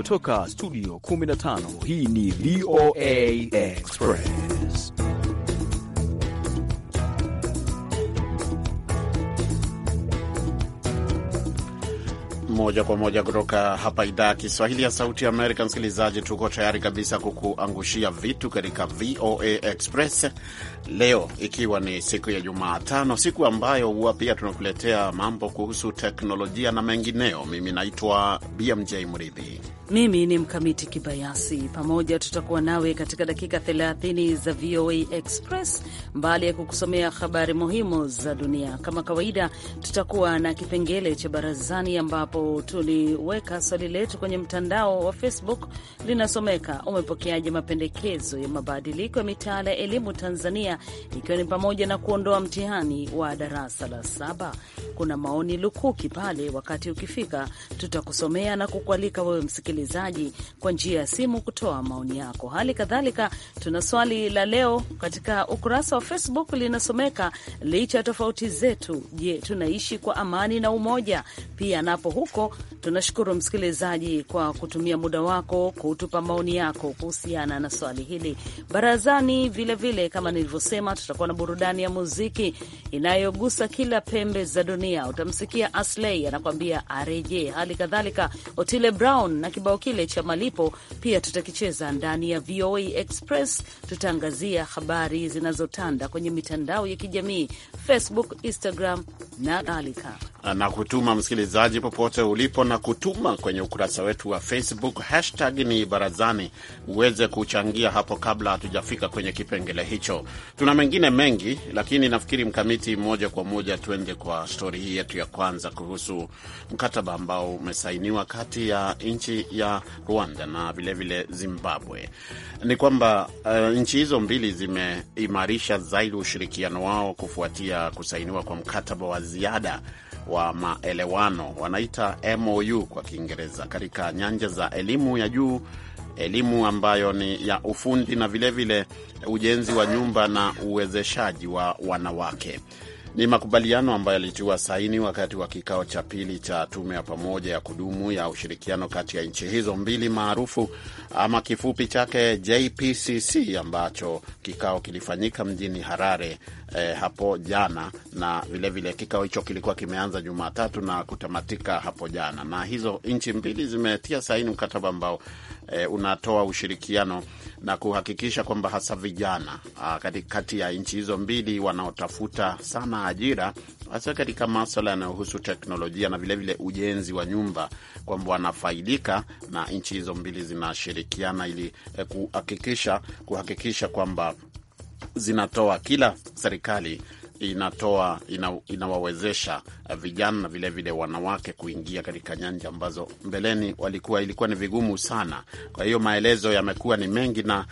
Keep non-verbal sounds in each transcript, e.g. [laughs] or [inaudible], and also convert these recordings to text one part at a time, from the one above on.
kutoka studio 15 hii ni VOA Express. Moja kwa moja kutoka hapa idhaa ya Kiswahili ya Sauti Amerika. Msikilizaji, tuko tayari kabisa kukuangushia vitu katika VOA Express leo, ikiwa ni siku ya Jumatano, siku ambayo huwa pia tunakuletea mambo kuhusu teknolojia na mengineo. Mimi naitwa BMJ Mridhi. Mimi ni Mkamiti Kibayasi, pamoja tutakuwa nawe katika dakika 30 za VOA Express. Mbali ya kukusomea habari muhimu za dunia, kama kawaida, tutakuwa na kipengele cha barazani, ambapo tuliweka swali letu kwenye mtandao wa Facebook, linasomeka: umepokeaje mapendekezo ya mabadiliko ya mitaala ya elimu Tanzania, ikiwa ni pamoja na kuondoa mtihani wa darasa la saba? Kuna maoni lukuki pale, wakati ukifika tutakusomea na kukualika wewe msikilizaji msikilizaji kwa njia ya simu kutoa maoni yako. Hali kadhalika tuna swali la leo katika ukurasa wa Facebook linasomeka, licha ya tofauti zetu, je, tunaishi kwa amani na umoja? Pia napo huko tunashukuru msikilizaji kwa kutumia muda wako kutupa maoni yako kuhusiana na swali hili barazani. Vilevile vile, kama nilivyosema, tutakuwa na burudani ya muziki inayogusa kila pembe za dunia. Utamsikia Asley anakuambia areje, hali kadhalika Otile Brown na kiba kibao kile cha malipo pia tutakicheza ndani ya VOA Express. Tutaangazia habari zinazotanda kwenye mitandao ya kijamii Facebook, Instagram na kadhalika, na kutuma msikilizaji, popote ulipo, na kutuma kwenye ukurasa wetu wa Facebook, hashtag ni barazani, uweze kuchangia hapo kabla hatujafika kwenye kipengele hicho. Tuna mengine mengi, lakini nafikiri mkamiti, moja kwa moja tuende kwa stori hii yetu ya kwanza kuhusu mkataba ambao umesainiwa kati ya nchi ya ya Rwanda na vilevile vile Zimbabwe ni kwamba uh, nchi hizo mbili zimeimarisha zaidi ushirikiano wao kufuatia kusainiwa kwa mkataba wa ziada wa maelewano wanaita MOU kwa Kiingereza katika nyanja za elimu ya juu, elimu ambayo ni ya ufundi na vilevile vile ujenzi wa nyumba na uwezeshaji wa wanawake. Ni makubaliano ambayo yalitiwa saini wakati wa kikao cha pili cha tume ya pamoja ya kudumu ya ushirikiano kati ya nchi hizo mbili maarufu ama kifupi chake JPCC ambacho kikao kilifanyika mjini Harare eh, hapo jana na vilevile kikao hicho kilikuwa kimeanza Jumatatu na kutamatika hapo jana, na hizo nchi mbili zimetia saini mkataba ambao eh, unatoa ushirikiano na kuhakikisha kwamba hasa vijana katikati ah, ya nchi hizo mbili wanaotafuta sana ajira hasa katika maswala yanayohusu teknolojia na vilevile vile ujenzi wa nyumba kwamba wanafaidika na nchi hizo mbili zinashirikiana ili eh, kuhakikisha kuhakikisha kwamba zinatoa kila serikali inatoa ina, inawawezesha vijana na vilevile wanawake kuingia katika nyanja ambazo mbeleni walikuwa ilikuwa ni vigumu sana. Kwa hiyo maelezo yamekuwa ni mengi na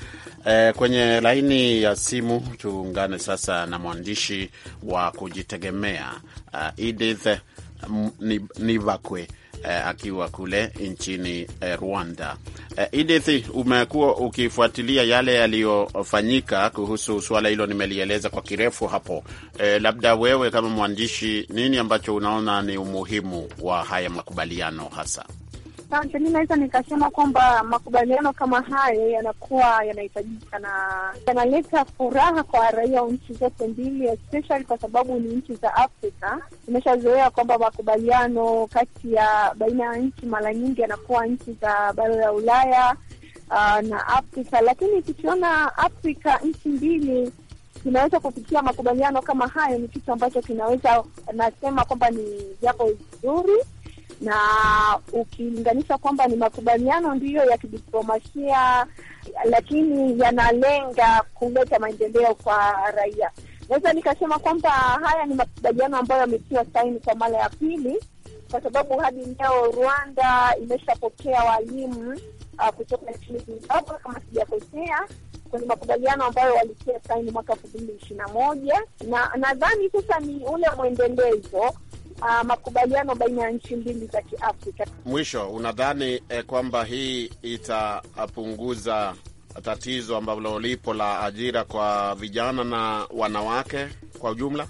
eh, kwenye laini ya simu tuungane sasa na mwandishi wa kujitegemea uh, Edith Nivakwe eh, akiwa kule nchini eh, Rwanda. Eh, Edith, umekuwa ukifuatilia yale yaliyofanyika kuhusu suala hilo, nimelieleza kwa kirefu hapo. Eh, labda wewe kama mwandishi, nini ambacho unaona ni umuhimu wa haya makubaliano hasa? Asante. Mi naweza nikasema kwamba makubaliano kama hayo yanakuwa yanahitajika na yanaleta furaha kwa raia wa nchi zote mbili, especially kwa sababu ni nchi za Afrika. Tumeshazoea kwamba makubaliano kati ya baina ya nchi mara nyingi yanakuwa nchi za bara la Ulaya uh, na Afrika, lakini tukiona Afrika nchi mbili tunaweza kupitia makubaliano kama hayo, ni kitu ambacho kinaweza nasema kwamba ni jambo zuri na ukilinganisha kwamba ni makubaliano ndiyo ya kidiplomasia, lakini yanalenga kuleta maendeleo kwa raia. Naweza nikasema kwamba haya ni makubaliano ambayo yametiwa saini kwa mara ya pili, kwa sababu hadi leo Rwanda imeshapokea walimu uh, kutoka nchini Zimbabwe kama sijakosea kwenye makubaliano ambayo walitia saini mwaka elfu mbili ishirini na moja na nadhani sasa ni ule mwendelezo uh, makubaliano baina ya nchi mbili za Kiafrika. Mwisho, unadhani eh, kwamba hii itapunguza tatizo ambalo lipo la ajira kwa vijana na wanawake kwa ujumla?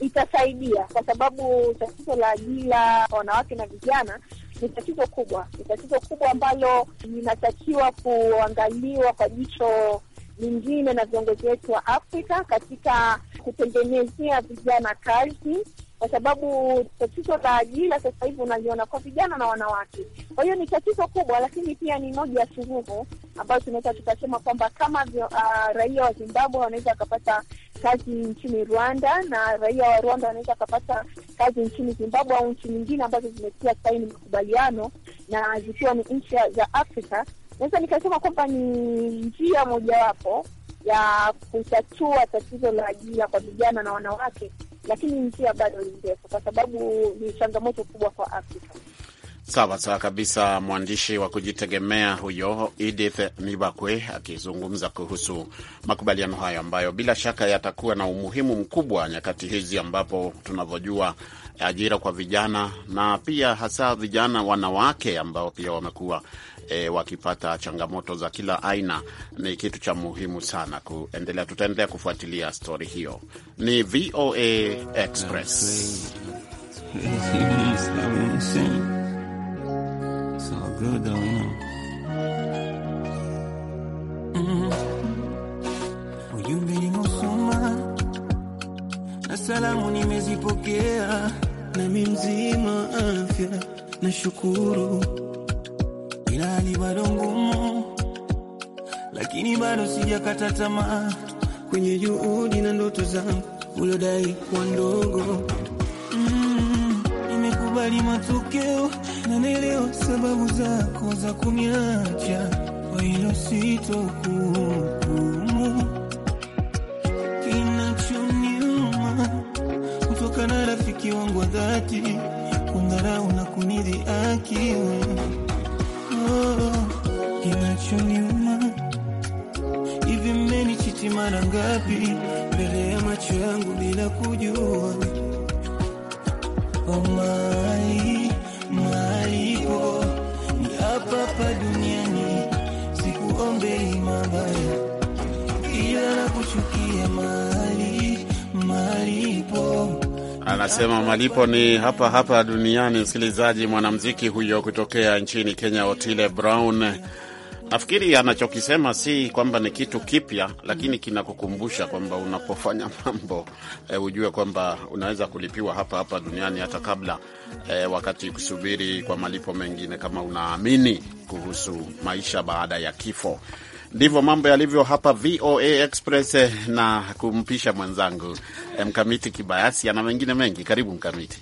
Itasaidia kwa sababu tatizo la ajira kwa wanawake na vijana ni tatizo kubwa, ni tatizo kubwa ambalo linatakiwa kuangaliwa kwa jicho lingine na viongozi wetu wa Afrika katika kutengenezea vijana kazi kwa sababu tatizo la ajira sasa hivi unaliona kwa vijana na wanawake. Kwa hiyo ni tatizo kubwa, lakini pia ni moja ya suluhu ambayo tunaweza tukasema kwamba kama uh, raia wa Zimbabwe wanaweza wakapata kazi nchini Rwanda na raia wa Rwanda wanaweza wakapata kazi nchini Zimbabwe au nchi nyingine ambazo zimetia saini makubaliano na zikiwa ni nchi za Afrika, naweza nikasema kwamba ni njia mojawapo ya kutatua tatizo la ajira kwa vijana na wanawake lakini njia bado ni ndefu, kwa sababu ni changamoto kubwa kwa Afrika. Sawa sawa kabisa. Mwandishi wa kujitegemea huyo Edith Nibakwe akizungumza kuhusu makubaliano hayo ambayo bila shaka yatakuwa na umuhimu mkubwa nyakati hizi ambapo tunavyojua ajira kwa vijana na pia hasa vijana wanawake ambao pia wamekuwa e, wakipata changamoto za kila aina, ni kitu cha muhimu sana kuendelea. Tutaendelea kufuatilia stori hiyo. Ni VOA Express. Salamu nimezipokea, nami mzima afya, ilani bado ngumu, lakini bado sijakata tamaa kwenye juhudi na ndoto zangu uliodai kwa ndogo. Mm, nimekubali matokeo na naelewa sababu zako za kuniacha, kwa hilo sitokuhukumu. Kinachoniuma kutoka na rafiki wangu wa dhati kundharau na kunidhi akiwa hivi, mara ngapi mbele ya macho yangu bila kujua. Oh, malipo oh. ni hapa duniani, sikuombei mabaya, ila nakuchukia mali malipo Anasema malipo ni hapa hapa duniani. Msikilizaji, mwanamziki huyo kutokea nchini Kenya, Otile Brown Nafikiri anachokisema si kwamba ni kitu kipya, lakini kinakukumbusha kwamba unapofanya [laughs] mambo e, ujue kwamba unaweza kulipiwa hapa hapa duniani hata kabla e, wakati kusubiri kwa malipo mengine, kama unaamini kuhusu maisha baada ya kifo. Ndivyo mambo yalivyo hapa VOA Express, eh, na kumpisha mwenzangu e, Mkamiti Kibayasi ana mengine mengi. Karibu Mkamiti.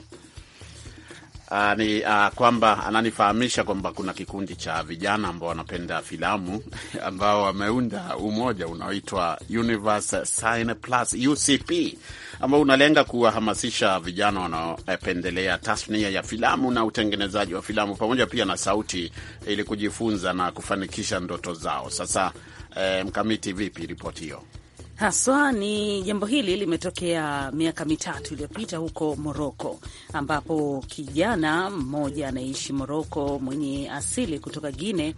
Uh, ni uh, kwamba ananifahamisha kwamba kuna kikundi cha vijana ambao wanapenda filamu [laughs] ambao wameunda umoja unaoitwa Universe Cine Plus UCP, ambao unalenga kuwahamasisha vijana wanaopendelea tasnia ya filamu na utengenezaji wa filamu pamoja pia na sauti, ili kujifunza na kufanikisha ndoto zao. Sasa eh, mkamiti, vipi ripoti hiyo? haswa ni jambo hili limetokea miaka mitatu iliyopita huko Moroko, ambapo kijana mmoja anaishi Moroko mwenye asili kutoka Guine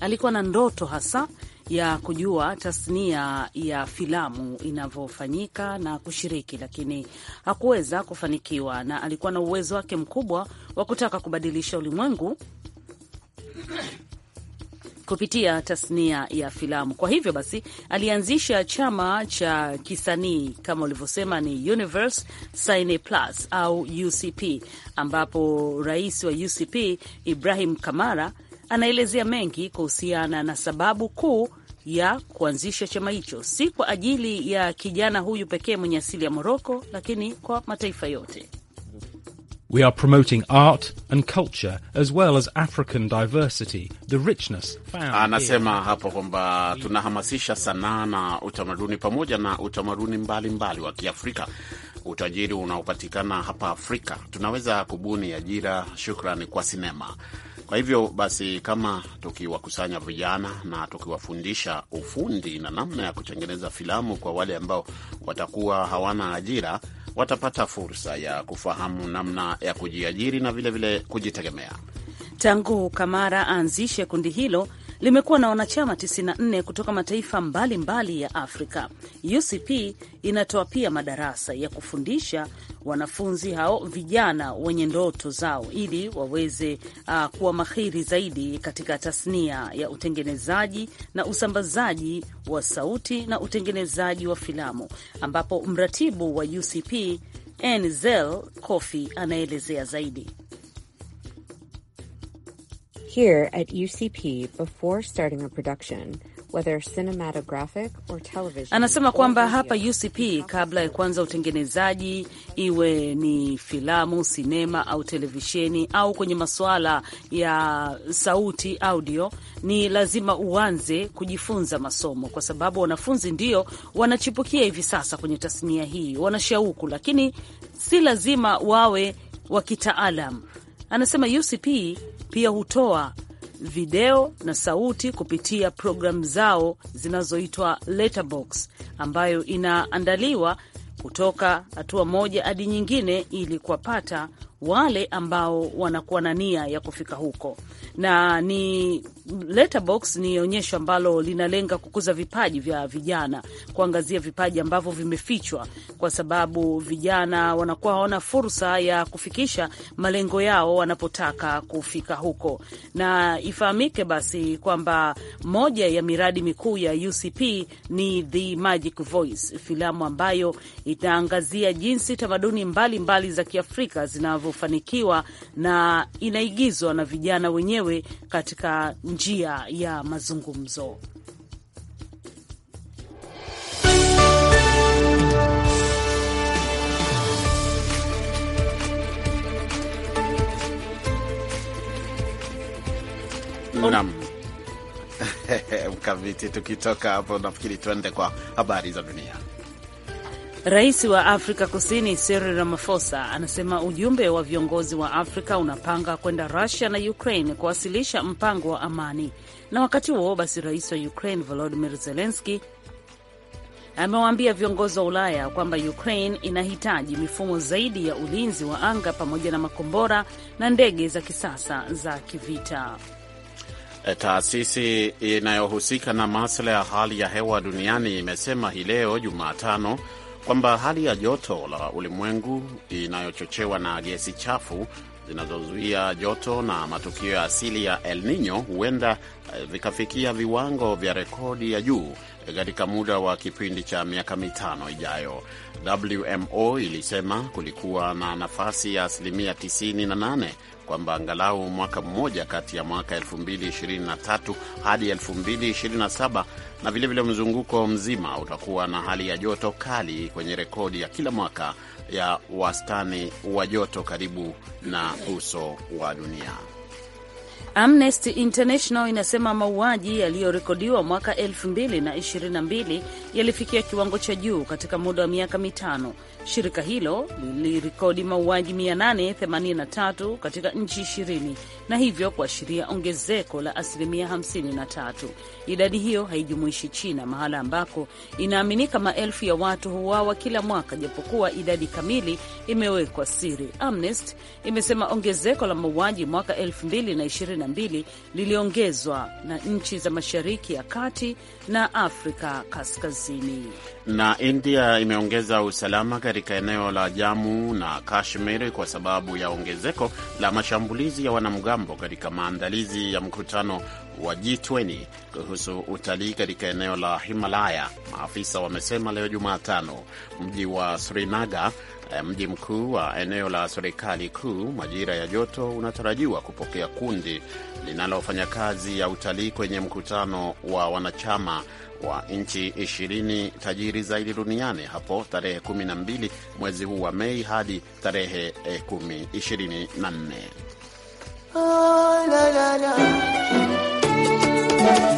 alikuwa na ndoto hasa ya kujua tasnia ya filamu inavyofanyika na kushiriki, lakini hakuweza kufanikiwa, na alikuwa na uwezo wake mkubwa wa kutaka kubadilisha ulimwengu kupitia tasnia ya filamu. Kwa hivyo basi, alianzisha chama cha kisanii kama ulivyosema ni Universe Plus au UCP, ambapo rais wa UCP Ibrahim Kamara anaelezea mengi kuhusiana na sababu kuu ya kuanzisha chama hicho, si kwa ajili ya kijana huyu pekee mwenye asili ya Moroko, lakini kwa mataifa yote. We are promoting art and culture as well as African diversity, the richness found. Anasema hapo kwamba tunahamasisha sanaa na utamaduni pamoja na utamaduni mbalimbali wa Kiafrika, utajiri unaopatikana hapa Afrika. Tunaweza kubuni ajira, shukrani kwa sinema. Kwa hivyo basi, kama tukiwakusanya vijana na tukiwafundisha ufundi na namna ya kutengeneza filamu kwa wale ambao watakuwa hawana ajira watapata fursa ya kufahamu namna ya kujiajiri na vilevile vile kujitegemea. Tangu Kamara aanzishe kundi hilo, limekuwa na wanachama 94 kutoka mataifa mbalimbali mbali ya Afrika. UCP inatoa pia madarasa ya kufundisha wanafunzi hao vijana wenye ndoto zao ili waweze uh, kuwa mahiri zaidi katika tasnia ya utengenezaji na usambazaji wa sauti na utengenezaji wa filamu, ambapo mratibu wa UCP nzel Kofi anaelezea zaidi. Here at UCP, before starting a production, whether cinematographic or television, anasema kwamba hapa UCP kabla ya kuanza utengenezaji, iwe ni filamu, sinema au televisheni au kwenye masuala ya sauti, audio, ni lazima uanze kujifunza masomo, kwa sababu wanafunzi ndio wanachipukia hivi sasa kwenye tasnia hii, wanashauku lakini si lazima wawe wa kitaalam Anasema UCP pia hutoa video na sauti kupitia programu zao zinazoitwa Letterbox ambayo inaandaliwa kutoka hatua moja hadi nyingine ili kuwapata wale ambao wanakuwa na nia ya kufika huko, na ni Letterbox ni onyesho ambalo linalenga kukuza vipaji vya vijana, kuangazia vipaji ambavyo vimefichwa, kwa sababu vijana wanakuwa hawana fursa ya kufikisha malengo yao wanapotaka kufika huko. Na ifahamike basi kwamba moja ya miradi mikuu ya UCP ni The Magic Voice, filamu ambayo itaangazia jinsi tamaduni mbalimbali za Kiafrika zinavyo kufanikiwa na inaigizwa na vijana wenyewe katika njia ya mazungumzo. Naam. [laughs] Mkamiti, tukitoka hapo nafikiri tuende kwa habari za dunia. Rais wa Afrika Kusini Cyril Ramaphosa anasema ujumbe wa viongozi wa Afrika unapanga kwenda Rusia na Ukraine kuwasilisha mpango wa amani, na wakati huo basi, rais wa Ukraine volodimir zelenski amewaambia viongozi wa Ulaya kwamba Ukraine inahitaji mifumo zaidi ya ulinzi wa anga pamoja na makombora na ndege za kisasa za kivita. E, taasisi inayohusika na masuala ya hali ya hewa duniani imesema hii leo Jumatano kwamba hali ya joto la ulimwengu inayochochewa na gesi chafu zinazozuia joto na matukio ya asili ya El Nino huenda eh, vikafikia viwango vya rekodi ya juu eh, katika muda wa kipindi cha miaka mitano ijayo. WMO ilisema kulikuwa na nafasi ya asilimia 98 kwamba angalau mwaka mmoja kati ya mwaka 2023 hadi 2027 na vilevile mzunguko mzima utakuwa na hali ya joto kali kwenye rekodi ya kila mwaka ya wastani wa joto karibu na uso wa dunia. Amnesty International inasema mauaji yaliyorekodiwa mwaka 2022 yalifikia kiwango cha juu katika muda wa miaka mitano. Shirika hilo lilirekodi mauaji 883 katika nchi 20 na hivyo kuashiria ongezeko la asilimia 53. Idadi hiyo haijumuishi China, mahala ambako inaaminika maelfu ya watu huuawa kila mwaka, japokuwa idadi kamili imewekwa siri. Amnesty imesema ongezeko la mauaji mwaka 2022 12 liliongezwa na nchi za Mashariki ya Kati na Afrika Kaskazini. Na India imeongeza usalama katika eneo la jamu na Kashmir kwa sababu ya ongezeko la mashambulizi ya wanamgambo katika maandalizi ya mkutano wa G20 kuhusu utalii katika eneo la Himalaya, maafisa wamesema leo Jumatano. Mji wa Srinagar mji mkuu wa eneo la serikali kuu, majira ya joto unatarajiwa kupokea kundi linalofanya kazi ya utalii kwenye mkutano wa wanachama wa nchi ishirini tajiri zaidi duniani hapo tarehe 12 mwezi huu wa Mei hadi tarehe 10 24. Oh,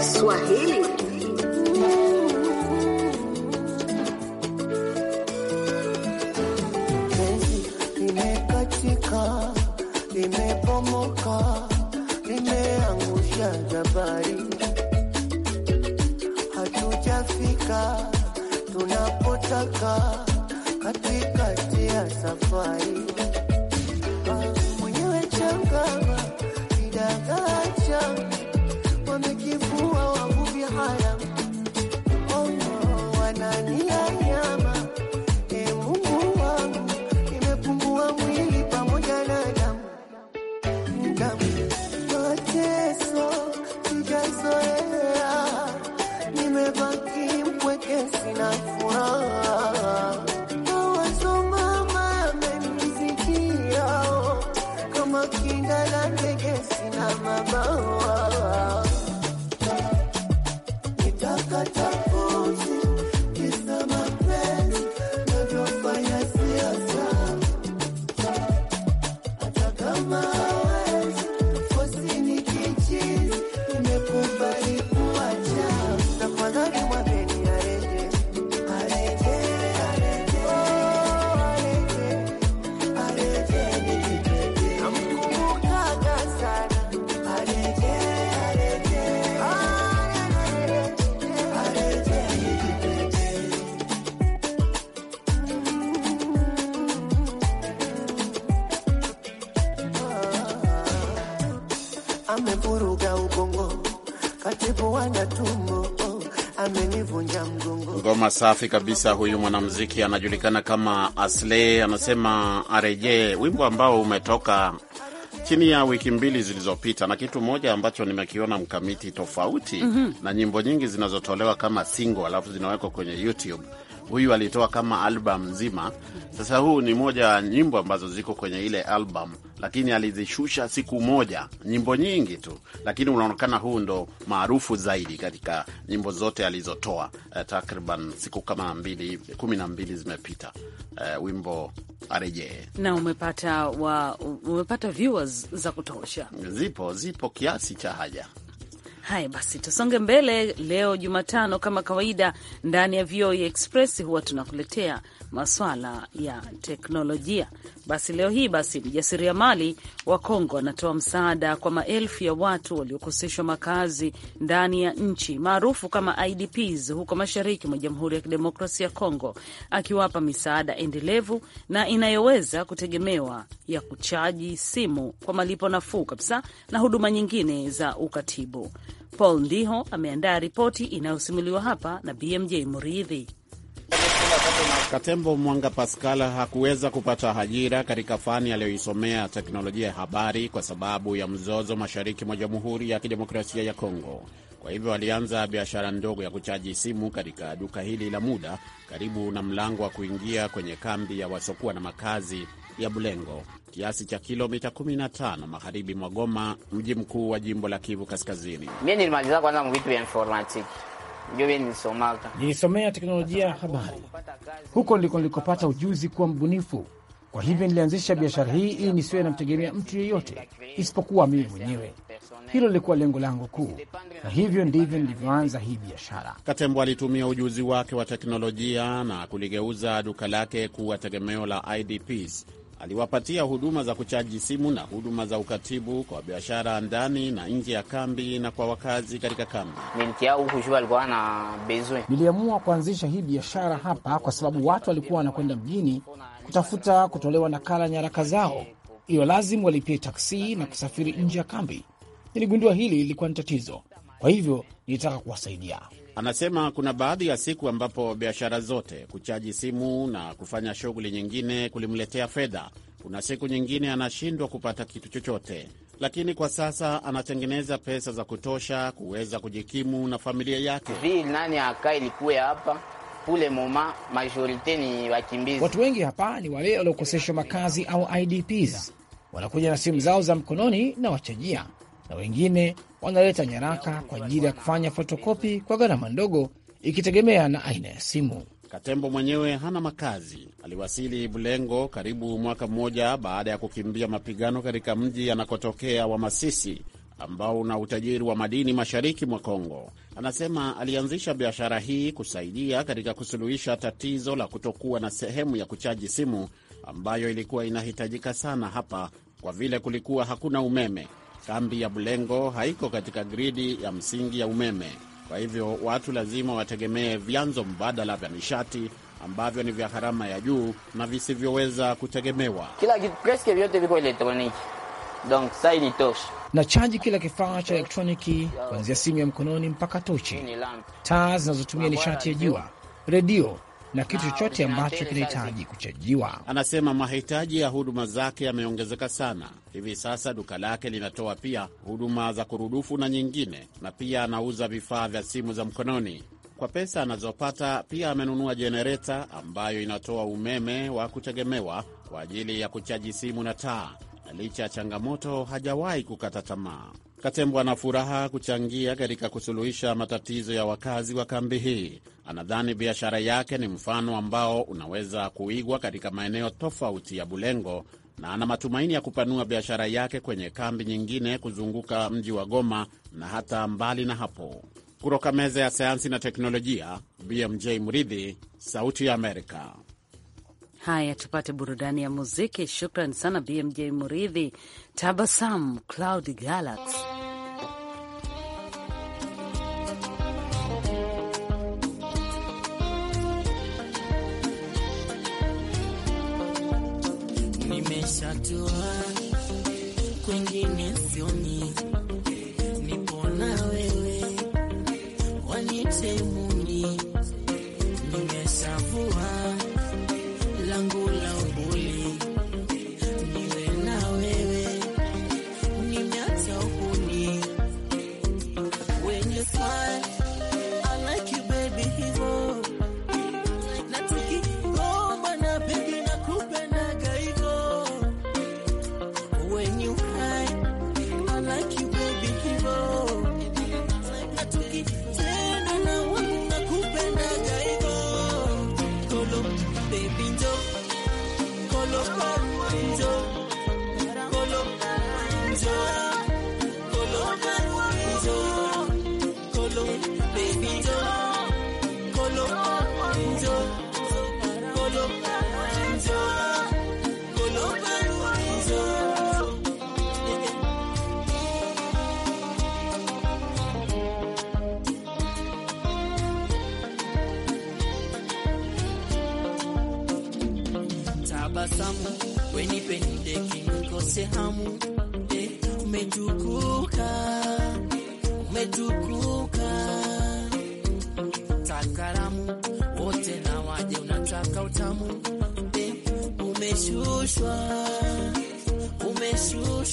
Swahili Nimepomoka, nimeangusha jabari, hatujafika tunapotaka katikati ya safari amevuruga ubongo, katibu tumbo oh, amenivunja mgongo. Ngoma safi kabisa. Huyu mwanamuziki anajulikana kama Asley, anasema arejee, wimbo ambao umetoka chini ya wiki mbili zilizopita, na kitu moja ambacho nimekiona mkamiti tofauti mm -hmm. na nyimbo nyingi zinazotolewa kama single alafu zinawekwa kwenye YouTube Huyu alitoa kama album nzima. Sasa huu ni moja ya nyimbo ambazo ziko kwenye ile album, lakini alizishusha siku moja, nyimbo nyingi tu, lakini unaonekana huu ndo maarufu zaidi katika nyimbo zote alizotoa. Eh, takriban siku kama mbili, kumi na mbili zimepita, eh, wimbo arejee. Na umepata wa, umepata viewers za kutosha? Zipo, zipo kiasi cha haja Haya basi, tusonge mbele. Leo Jumatano, kama kawaida, ndani ya VOA e Express huwa tunakuletea maswala ya teknolojia. Basi leo hii, basi mjasiriamali wa Kongo anatoa msaada kwa maelfu ya watu waliokoseshwa makazi ndani ya nchi maarufu kama IDPs huko mashariki mwa Jamhuri ya Kidemokrasia ya Kongo, akiwapa misaada endelevu na inayoweza kutegemewa ya kuchaji simu kwa malipo nafuu kabisa na huduma nyingine za ukatibu. Paul Ndiho ameandaa ripoti inayosimuliwa hapa na BMJ Muridhi. Katembo Mwanga Pascal hakuweza kupata ajira katika fani aliyoisomea teknolojia ya habari kwa sababu ya mzozo mashariki mwa Jamhuri ya Kidemokrasia ya Kongo. Kwa hivyo alianza biashara ndogo ya kuchaji simu katika duka hili la muda karibu na mlango wa kuingia kwenye kambi ya wasokuwa na makazi ya Bulengo, kiasi cha kilomita 15 magharibi mwa Goma, mji mkuu wa jimbo la Kivu Kaskazini. nilimaliza kwanza vitu vya informatiki nilisomea teknolojia ya habari, huko ndiko nilikopata ujuzi kuwa mbunifu. Kwa hivyo nilianzisha biashara hii ili nisiwe namtegemea mtu yeyote isipokuwa mimi mwenyewe. Hilo lilikuwa lengo langu kuu, na hivyo ndivyo nilivyoanza hii biashara. Katembo alitumia ujuzi wake wa teknolojia na kuligeuza duka lake kuwa tegemeo la IDPs aliwapatia huduma za kuchaji simu na huduma za ukatibu kwa biashara ndani na nje ya kambi na kwa wakazi katika kambi. Niliamua kuanzisha hii biashara hapa kwa sababu watu walikuwa wanakwenda mjini kutafuta kutolewa nakala nyaraka zao, iyo lazima walipie taksi na kusafiri nje ya kambi. Niligundua hili lilikuwa ni tatizo, kwa hivyo nilitaka kuwasaidia. Anasema kuna baadhi ya siku ambapo biashara zote, kuchaji simu na kufanya shughuli nyingine, kulimletea fedha. Kuna siku nyingine anashindwa kupata kitu chochote, lakini kwa sasa anatengeneza pesa za kutosha kuweza kujikimu na familia yake. nani aka ilikuwa hapa moma, majorite ni wakimbizi. Watu wengi hapa ni wale waliokoseshwa makazi au IDPs, wanakuja na simu zao za mkononi na wachajia na wengine wanaleta nyaraka kwa ajili ya kufanya fotokopi kwa gharama ndogo, ikitegemea na aina ya simu. Katembo mwenyewe hana makazi. Aliwasili Bulengo karibu mwaka mmoja baada ya kukimbia mapigano katika mji anakotokea wa Masisi ambao una utajiri wa madini mashariki mwa Kongo. Anasema alianzisha biashara hii kusaidia katika kusuluhisha tatizo la kutokuwa na sehemu ya kuchaji simu ambayo ilikuwa inahitajika sana hapa kwa vile kulikuwa hakuna umeme. Kambi ya Bulengo haiko katika gridi ya msingi ya umeme, kwa hivyo watu lazima wategemee vyanzo mbadala vya nishati ambavyo ni vya gharama ya juu na visivyoweza kutegemewa. Kila preske vyote viko elektroniki donc sa na chaji kila kifaa cha elektroniki kuanzia simu ya mkononi mpaka tochi, taa zinazotumia nishati ya jua, redio na kitu chochote ambacho kinahitaji kuchajiwa. Anasema mahitaji ya huduma zake yameongezeka sana. Hivi sasa duka lake linatoa pia huduma za kurudufu na nyingine, na pia anauza vifaa vya simu za mkononi. Kwa pesa anazopata pia amenunua jenereta ambayo inatoa umeme wa kutegemewa kwa ajili ya kuchaji simu na taa, na licha ya changamoto hajawahi kukata tamaa. Katembwa na furaha kuchangia katika kusuluhisha matatizo ya wakazi wa kambi hii. Anadhani biashara yake ni mfano ambao unaweza kuigwa katika maeneo tofauti ya Bulengo na ana matumaini ya kupanua biashara yake kwenye kambi nyingine kuzunguka mji wa Goma na hata mbali na hapo. Kutoka meza ya sayansi na teknolojia, BMJ Mridhi, Sauti ya Amerika. Haya, tupate burudani ya muziki. Shukran sana BMJ Muridhi. Tabasam Cloud Galaxy.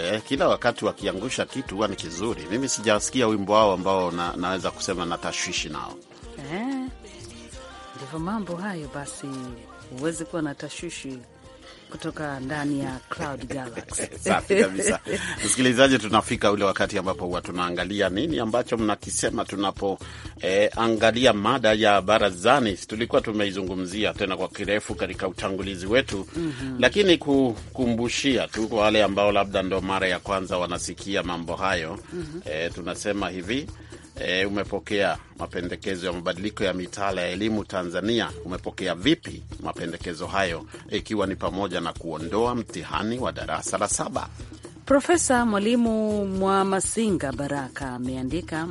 eh, kila wakati wakiangusha kitu huwa ni kizuri. Mimi sijasikia wimbo wao ambao na, naweza kusema na tashwishi nao eh, ndivyo mambo hayo, basi huwezi kuwa na tashwishi kutoka ndani ya Cloud Galaxy. [laughs] Safi kabisa. Msikilizaji, tunafika ule wakati ambapo huwa tunaangalia nini ambacho mnakisema tunapoangalia eh, mada ya barazani. Tulikuwa tumeizungumzia tena kwa kirefu katika utangulizi wetu mm -hmm. Lakini kukumbushia tu kwa wale ambao labda ndo mara ya kwanza wanasikia mambo hayo mm -hmm. eh, tunasema hivi e, umepokea mapendekezo ya mabadiliko ya mitaala ya elimu Tanzania. Umepokea vipi mapendekezo hayo, ikiwa ni pamoja na kuondoa mtihani wa darasa la saba? Profesa Mwalimu Mwamasinga Baraka ameandika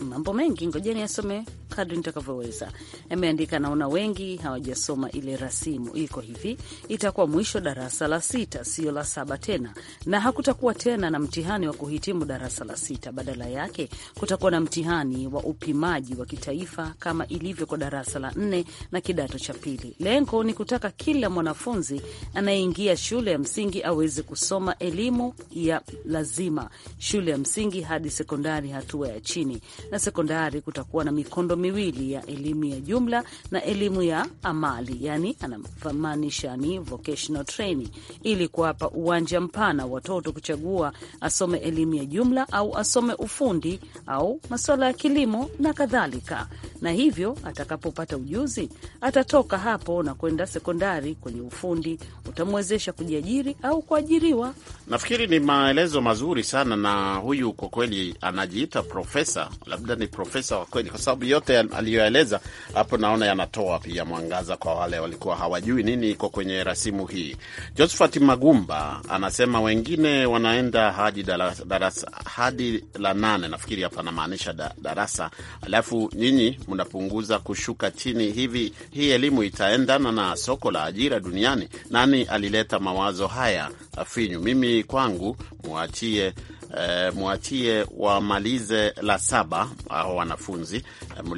mambo mengi, ngojeni asome kadri nitakavyoweza. Ameandika, naona wengi hawajasoma ile rasimu. Iko hivi, itakuwa mwisho darasa la sita, sio la saba tena, na hakutakuwa tena na mtihani wa kuhitimu darasa la sita. Badala yake kutakuwa na mtihani wa upimaji wa kitaifa kama ilivyo kwa darasa la nne na kidato cha pili. Lengo ni kutaka kila mwanafunzi anayeingia shule ya msingi aweze kusoma elimu ya lazima, shule ya msingi hadi sekondari hatua ya chini, na sekondari kutakuwa na mikondo miwili ya elimu ya jumla na elimu ya amali, yani anamaanisha ni vocational training, ili kuwapa uwanja mpana watoto kuchagua asome elimu ya jumla au asome ufundi au masuala ya kilimo na kadhalika. Na hivyo atakapopata ujuzi, atatoka hapo na kwenda sekondari kwenye ufundi, utamwezesha kujiajiri au kuajiriwa. Nafikiri ni maelezo mazuri sana, na huyu kwa kweli anajiita profesa, labda ni profesa wa kweli, kwa sababu yote yote aliyoeleza hapo, naona yanatoa pia mwangaza kwa wale walikuwa hawajui nini iko kwenye rasimu hii. Josephat Magumba anasema wengine wanaenda hadi darasa, darasa hadi la nane, nafikiri hapa anamaanisha da, darasa, alafu nyinyi mnapunguza kushuka chini hivi. Hii elimu itaendana na soko la ajira duniani? Nani alileta mawazo haya afinyu? Mimi kwangu mwachie e, eh, mwachie wamalize la saba au wanafunzi e,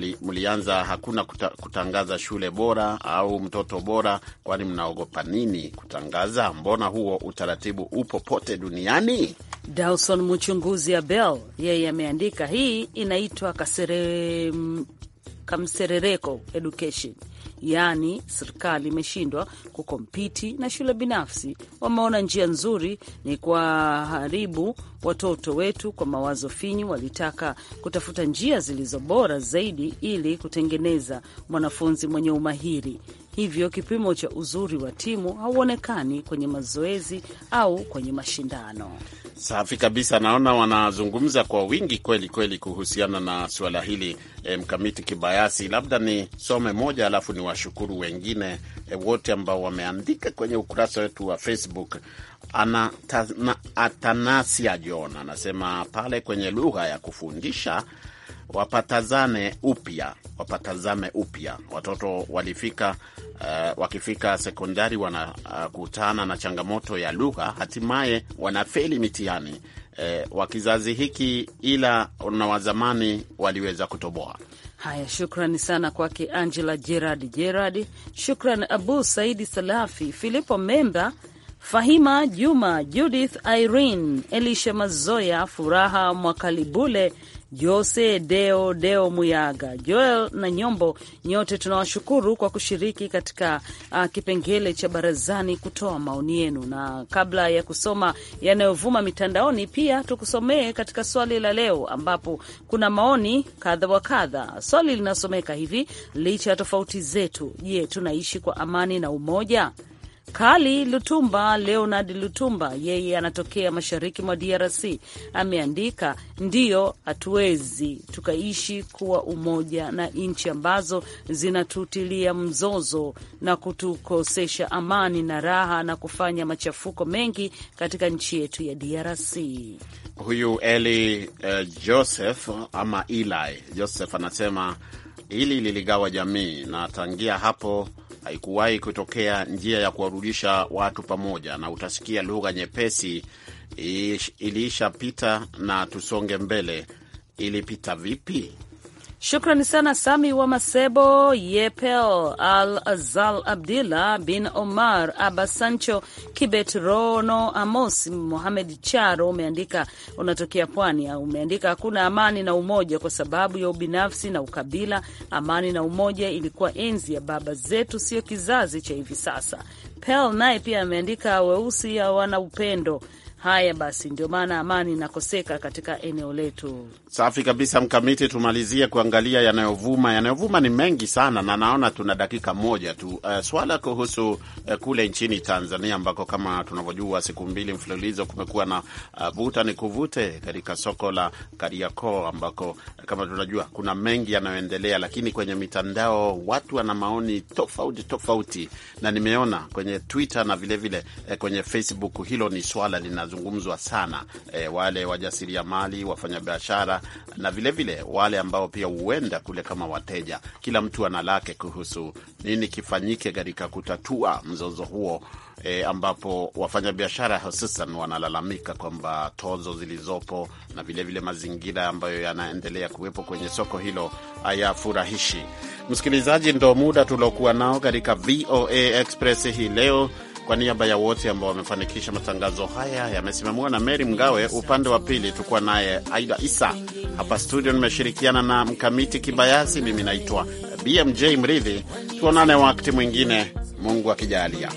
eh, mlianza hakuna kuta, kutangaza shule bora au mtoto bora, kwani mnaogopa nini kutangaza? Mbona huo utaratibu upo pote duniani? Dawson mchunguzi Abel yeye ameandika hii inaitwa kasere kamserereko education yaani serikali imeshindwa kukompiti na shule binafsi. Wameona njia nzuri ni kuwaharibu watoto wetu kwa mawazo finyu. Walitaka kutafuta njia zilizo bora zaidi ili kutengeneza mwanafunzi mwenye umahiri hivyo kipimo cha uzuri wa timu hauonekani kwenye mazoezi au kwenye mashindano. Safi kabisa, naona wanazungumza kwa wingi kweli kweli kuhusiana na suala hili e, mkamiti kibayasi. Labda nisome moja alafu ni washukuru wengine e, wote ambao wameandika kwenye ukurasa wetu wa Facebook. Ana, ta, na, Atanasia John anasema pale kwenye lugha ya kufundisha wapatazame upya, wapatazame upya. Watoto walifika uh, wakifika sekondari wanakutana uh, na changamoto ya lugha, hatimaye wanafeli mitihani uh, wa kizazi hiki, ila na wazamani waliweza kutoboa. Haya, shukrani sana kwake Angela Gerard Gerard, shukran Abu Saidi Salafi, Filipo Memba, Fahima Juma, Judith Irene, Elisha Mazoya, Furaha Mwakalibule, Jose Deo Deo Muyaga, Joel na Nyombo, nyote tunawashukuru kwa kushiriki katika uh, kipengele cha barazani kutoa maoni yenu. Na kabla ya kusoma yanayovuma mitandaoni, pia tukusomee katika swali la leo, ambapo kuna maoni kadha wa kadha. Swali linasomeka hivi: licha ya tofauti zetu, je, tunaishi kwa amani na umoja? Kali Lutumba, Leonard Lutumba, yeye anatokea mashariki mwa DRC, ameandika ndiyo, hatuwezi tukaishi kuwa umoja na nchi ambazo zinatutilia mzozo na kutukosesha amani na raha na kufanya machafuko mengi katika nchi yetu ya DRC. Huyu Eli uh, Joseph ama Eli Joseph anasema hili liligawa jamii na tangia hapo haikuwahi kutokea njia ya kuwarudisha watu pamoja, na utasikia lugha nyepesi, iliishapita na tusonge mbele. Ilipita vipi? Shukrani sana Sami wa Masebo, Yepel Al Azal, Abdillah bin Omar, Aba Sancho, Kibet Rono, Amos Mohamed Charo. Umeandika unatokea Pwani, umeandika hakuna amani na umoja kwa sababu ya ubinafsi na ukabila. Amani na umoja ilikuwa enzi ya baba zetu, sio kizazi cha hivi sasa. Pel naye pia ameandika weusi hawana upendo Haya basi, ndio maana amani inakoseka katika eneo letu. Safi kabisa, Mkamiti, tumalizie kuangalia yanayovuma. Yanayovuma ni mengi sana, na naona tuna dakika moja tu. Uh, swala kuhusu uh, kule nchini Tanzania ambako kama tunavyojua siku mbili mfululizo kumekuwa na uh, vuta ni kuvute katika soko la Kariakoo ambako uh, kama tunajua kuna mengi yanayoendelea, lakini kwenye mitandao watu wana maoni tofauti tofauti, na nimeona kwenye Twitter na vilevile vile, eh, kwenye Facebook hilo ni swala lina wanazungumzwa sana e, wale wajasiriamali, wafanyabiashara na vilevile vile, wale ambao pia huenda kule kama wateja. Kila mtu ana lake kuhusu nini kifanyike katika kutatua mzozo huo. E, ambapo wafanyabiashara hususan wanalalamika kwamba tozo zilizopo na vilevile mazingira ambayo yanaendelea kuwepo kwenye soko hilo hayafurahishi. Msikilizaji, ndo muda tuliokuwa nao katika VOA Express hii leo. Kwa niaba ya wote ambao wamefanikisha matangazo haya, yamesimamiwa na Meri Mgawe. Upande wa pili tukuwa naye Aida Isa. Hapa studio nimeshirikiana na Mkamiti Kibayasi. Mimi naitwa BMJ Mridhi. Tuonane wakati mwingine, Mungu akijalia